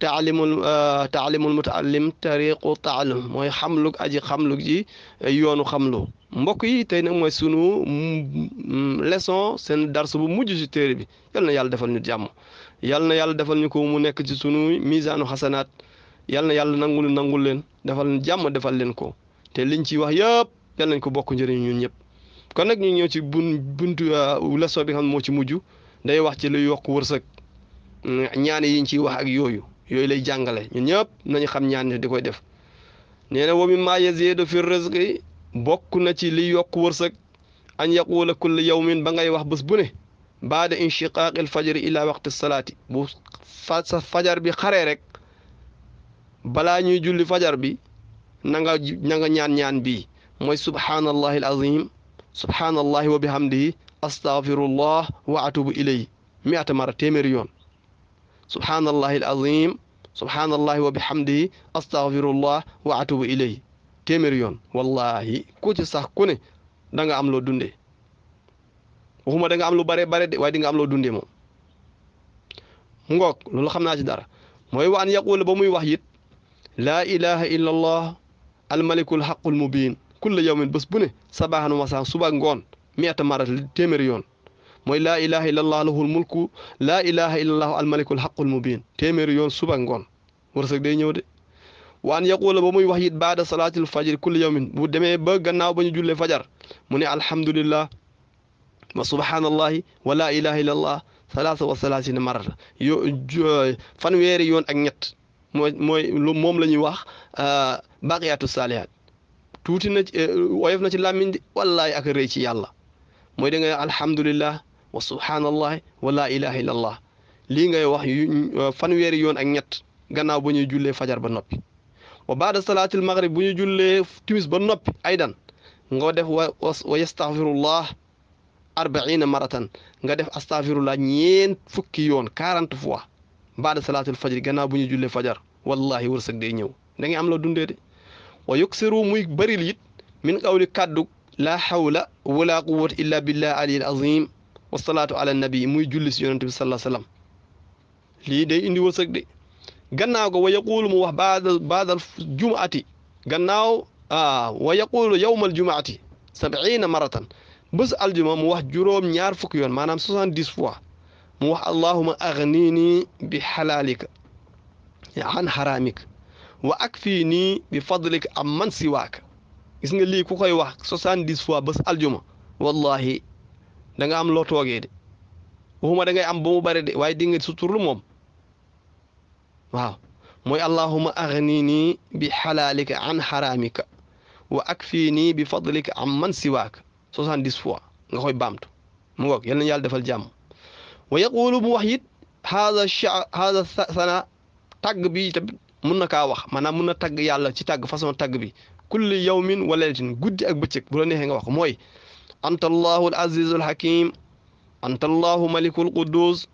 taalimul euh, taalimul mutaallim tariqu taalum mooy xamlug aji xamlug ji yoonu xamlu mbokk yi tey nag mooy sunu mm, leçon seen darsu bu mujj ci téere bi yal na yàlla defal ñu jàmm yal na yàlla defal ñu ko mu nekk ci sunu misaanu xasanaat yal na yàlla nangul nangul leen defal jàmm defal leen ko te liñ ci wax yëpp yal nañ ko bokk njëriñ ñun ñëpp kon nag ñu ñëw ci bun buntu euh, leçon bi xam moo ci mujj day wax ci luy yokk wërsëg mm, ñaan yiñ ciy wax ak yooyu. yooyu lay jàngale ñun ñëpp nañu xam ñaan di koy def nee na wa mimmaa yaziidu fi bokk na ci liy yokk wërsëg an yaquula kulla yawmin ba ngay wax bës bu ne baada inshiqaaqil fajri ila waqti salaati bu sa fajar bi xaree rek balaa ñuy julli fajar bi nanga na nga ñaan ñaan bii mooy subhaanallahi alazim subhaanallahi wa bihamdihi astaghfirullah wa atubu ilayhi mi'ata mara téeméeri yoon subhaanallahi al azim subhaanallahi wa bihamdihi astaghfirullah wa atubu ilayhi téeméer yoon wallahi ku ci sax ku danga am loo dunde waxuma da nga am lu bare bare de waaye di nga am loo dundee moom mu ngoog xam naa ci dara mooy waan yaqul ba muy wax it laa ilaha illa allah almalikul xaqul mubin kulla yawmin bés bu ne sabaaxan wasaan suba ngoon miata marat téeméeri yoon mooy laa ilaha illallah lahul mulku laa ilaha illallah almalikul xaqul mubin téeméeri yoon suba ngoon wërsëg day ñëw de waan yaquula ba muy wax it baada salaatil fajri kulli yawmin bu demee ba gannaaw ba ñu jullee fajar mu ne alhamdulillah wa subhaanallahi wa laa ilaha illallah salaasa wa salaasina marata yoon ak ñett mooy mooy moom la ñuy wax euh, baqiyaatu saalihaat tuuti na ci euh, woyof na ci làmmiñ di wallaay ak ci yàlla mooy da alhamdulillah wa subhaanallah wa laa ilaha illallah lii ngay wax fanweeri yoon ak ñett gannaaw ba ñuy jullee fajar ba noppi wa baada salaatil maghrib bu ñu jullee timis ba noppi aydan nga def wa wa yastaghfirullah maratan nga def astaghfirullah ñeent fukki yoon quarante fois baada salaatil fajri gannaaw bu ñu jullee fajar wallahi wërsëg day ñëw da am la dundee de wa yuksiru muy bëril it min qawli kàddu laa hawla wala quwwata illa billah aliyil azim wasalaatu ala nabi muy julli si yonent bi sallallahu indi wërsëg de wax baadal gannaaw ah wa yaquulu yawmal jumaati sabciina maratan bés mu wax juróom-ñaar fukki yoon maanaam soixante fois mu wax allahuma agnini bi xalaalika an xaraamik wa akfii nii bi fadlik am man siwaaka nga lii ku koy wax soixante-dix fois aljuma danga am loo toogee de waxuma da ngay am ba mu bare de waaye di nga suturlu moom waaw mooy allahuma aghnini bi xalaalika an xaraamika wa akfini bi fadlika am man siwaak soixante-dix fois nga koy baamtu mu ngoog yal yàlla defal jàmm wa yaqulu mu wax it haada cha haada sana tàgg bi tamit mun na kaa wax maanaam mun na tàgg yàlla ci tàgg façon tàgg bi kulli yawmin wa laylatin guddi ak bëccëg bu la neexee nga wax mooy anta allahu alazizu alxakim anta allahu maliku alquddus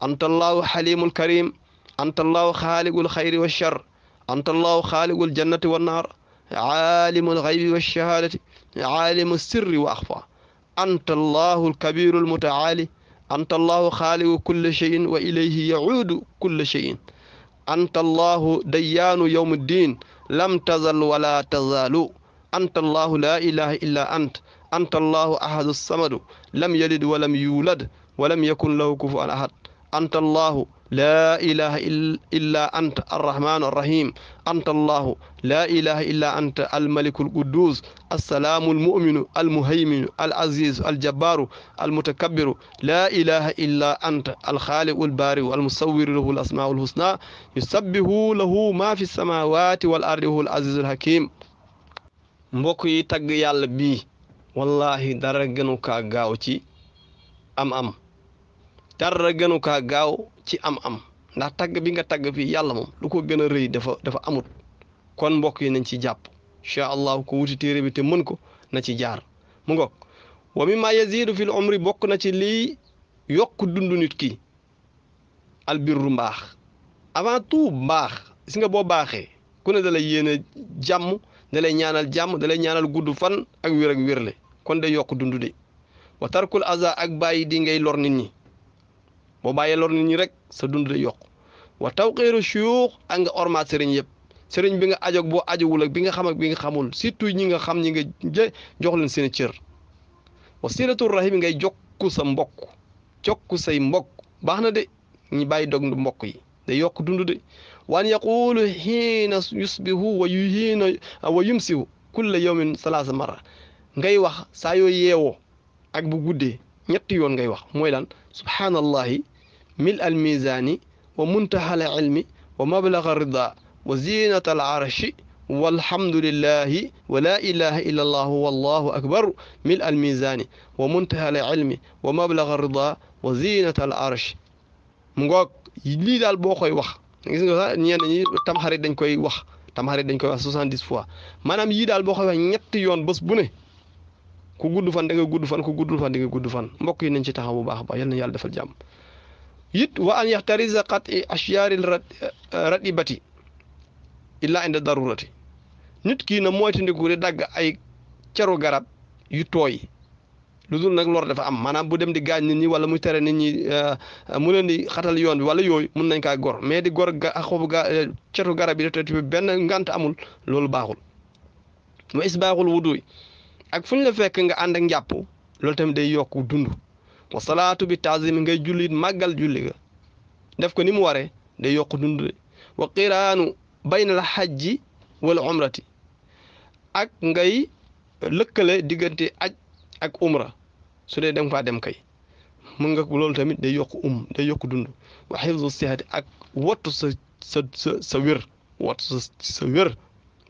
anta allahu xalimu alkarim anta allahu xaaliqu alxayri walchar anta allahu xaaliqu aljannati wannaar caalimu alxaybi walchahaadati caalimu alsirri wa axfa anta allahu alkabiru almutacaali anta allahu xaaliqu kulla cheyin wa ilayhi yacuudu kulla cheyin anta allahu dayyaanu yowm ddin lam tazal wala tazaalu anta allahu laa ilaha illa ant anta allahu ahadu samadu lam yalid walam yuulad walam yakun lahu kufuwan ahad anta allahu laa ilaha illa anta arrahmanu arrahim anta allahu laa ilaha illa anta almaliku alquddus assalaamu almuminu almuhayminu alazizu aljabbaaru almutakabbiru laa ilaha illa anta alxaaliqu albaariu almusawiru lahu alasmaau alhusna yusabbihu lahu maa fi samaawaati wal ardi wahuwa alazizu alhakim mbokk yi tagg yàlla bii wallahi dara gënu kaa gaaw ci am-am dara gënu kaa gaaw ci am-am ndax tagg bi nga tagg fii yàlla moom lu ko gën a rëy dafa dafa amut kon mbokk yi nañ ci jàpp incha allah ko wuti téere bi te mën ko na ci jaar mu ngoog wa mimma yazidu fil umri bokk na ci lii yokk dundu nit ki albirru mbaax avant tout mbaax si nga boo baaxee ku ne da lay yéene jàmm dalay ñaanal jàmm dalay lay ñaanal gudd fan ak wér ak wérle kon day yokk dund de wa tarkul aza ak bàyyi di ngay lor nit ñi boo bàyyee lor nit ñi rek sa dund day yokk wa tawqiiru shuyuux ak nga ormaat sëriñ yëpp sëriñ bi nga ajoog boo ajowul ak bi nga xam ak bi nga xamul surtout ñi nga xam ñi nga jox leen seen cër wa silatul rahim ngay jokku sa mbokk jokku say mbokk baax na de ñi bàyyi dog mbokk yi day yokk dund de waan yaquulu xiina yusbihu wa yuhiina wa yumsihu kulla yawmin salaasa marra ngay wax saa yoo yeewoo ak bu guddee ñetti yoon ngay wax mooy lan subhaanallahi mil al mizaani wa muntaha al ilmi wa mablaga wa zinata al arshi walhamdulillahi wa laa illa allah wallahu akbar mil al mizaani wa muntaha al ilmi wa mablaga rida wa zinata al mu ngoog lii daal boo koy wax gis nga sax ñenn ñi tamxarit dañ koy wax tamxarit dañ koy wax soixante fois maanaam yii daal boo koy wax ñetti yoon bés bu ne ku gudd fan da nga gudd fan ku guddul fan da nga gudd fan mbokk yi nañ ci taxaw bu baax a baax yal na yàlla defal jàmm it wa an yaxtarisa qat i asyaari ratibati illaa inda darurati nit kii na moytandiku di dagg ay caru garab yu tooy lu dul nag lor dafa am maanaam bu dem di gaañ ni ñi wala muy tere nit ñi euh, mu leen di xatal yoon bi wala yooyu mun nañ kaa gor mais di gor xobu ga euh, cetu garab yi te benn ngant amul loolu baaxul wa isbaaxul wuduy ak fu ñu la fekk nga ànd ak njàpp loolu tamit day yokk dund salaatu bi mi ngay jullit màggal julli ga def ko ni mu waree day yokk dund de wa qiraanu bayna al xajji wala umrati ak ngay lëkkale diggante aj ak umra su dee dem faa dem kay mën nga loolu tamit day yokk um day yokk dund wa xifzu sihati ak wattu sa sa sa sa wér wattu sa wér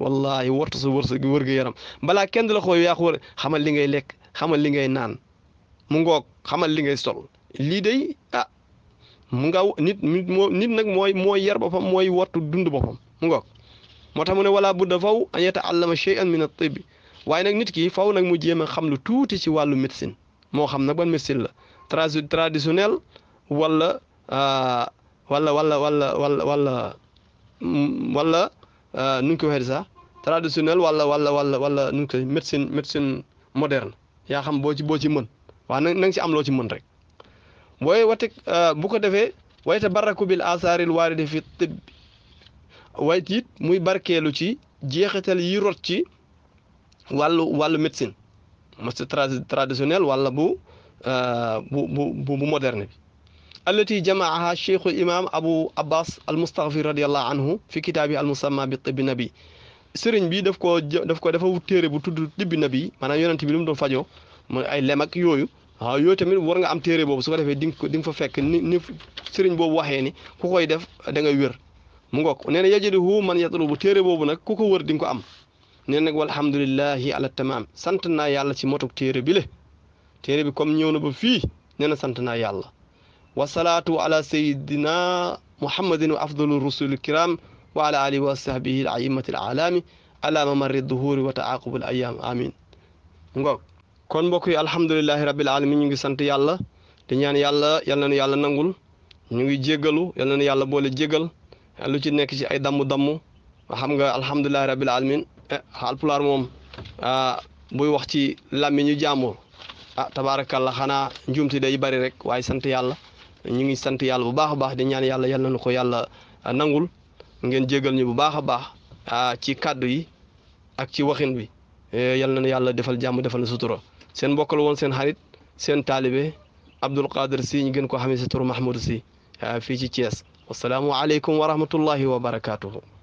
wallaahi warta sa wër sa wër gi yaram balaa kenn du la xooy yaa wër xamal li ngay lekk xamal li ngay naan mu ngoog xamal li ngay sol lii day ah mu ngaw nit nit moo nit nag mooy mooy yar boppam mooy wattu dund boppam mu ngoog moo tax mu ne wala budda faw an yataallama shay'an min at-tibbi waaye nag nit ki faw nag mu jéem a xam lu tuuti ci wàllu médecine moo xam nag ban médecine la tra traditionnel wala walla ah, walla wala wala wala Euh, nu ñu ko waxee sax traditionnel wala wala wala wala nu ñu koy médecine médecine moderne yaa xam boo ci boo ci mën waaw na nga si am loo ci mën rek booy watik euh, bu ko defee way tabarraku bil asaaril waarida fi tib way it muy barkeelu ci jeexital yi rot ci wàllu wàllu médecine mos traditionnel wala euh, bu bu bu bu moderne bi allati jamaaha cheikhu imam abu abbas al mustaghfir radiallahu anhu fi kitaabi al musamma bi tibbi nabi sëriñ bi def ko def ko dafa téere bu tudd tibbi nabi maanaam yonent bi lu mu fajo mu ay lem yooyu waaw yooyu tamit war nga am téere boobu su ko defee di nga di nga fa fekk ni ni sëriñ boobu waxee ni ku koy def da ngay wér mu ngoog nee na yajiduhu man yatlubu téere boobu nag ku ko wër di nga ko am nee nag walhamdulillahi ala tamaam sant naa yàlla ci motuk téere bi le téere bi comme ñëw na ba fii nee na sant naa yàlla wasalaatu ala sayidina muhammadin wa afdalu rusuli kiram wa ala alihi wa sahbihi al aimati al alami ala mamari duhuri wa taaqubul ayam amin ngoog kon mbokk yi alhamdulilahi rabbil alamin ñu ngi sant yàlla di ñaan yàlla yal na yàlla nangul ñu ngi jéggalu yal yàlla boole jéggal lu ci nekk ci ay dammu-dammu nga alhamdulilahi rabbil alamin eh, alpulaar moom ah, buy wax ci làmmiñu jaamur ah tabaarakallah xanaa njuumti day bari rek waaye sant yàlla ñu ngi sant yàlla bu baax a baax di ñaan yàlla yal nañu ko yàlla ah, nangul ngeen jégal ñu bu baax a baax ah, ci kàddu yi ak ci waxin bi eh, yal nañu yàlla defal jàmm defal na sutura seen bokkal woon seen xarit seen taalibe Abdul Qadir si ñu gën ko xamee si turu Mahmoud si ah, fii ci Thiès wasalaamualeykum wa rahmatullahi wa barakaatuhu.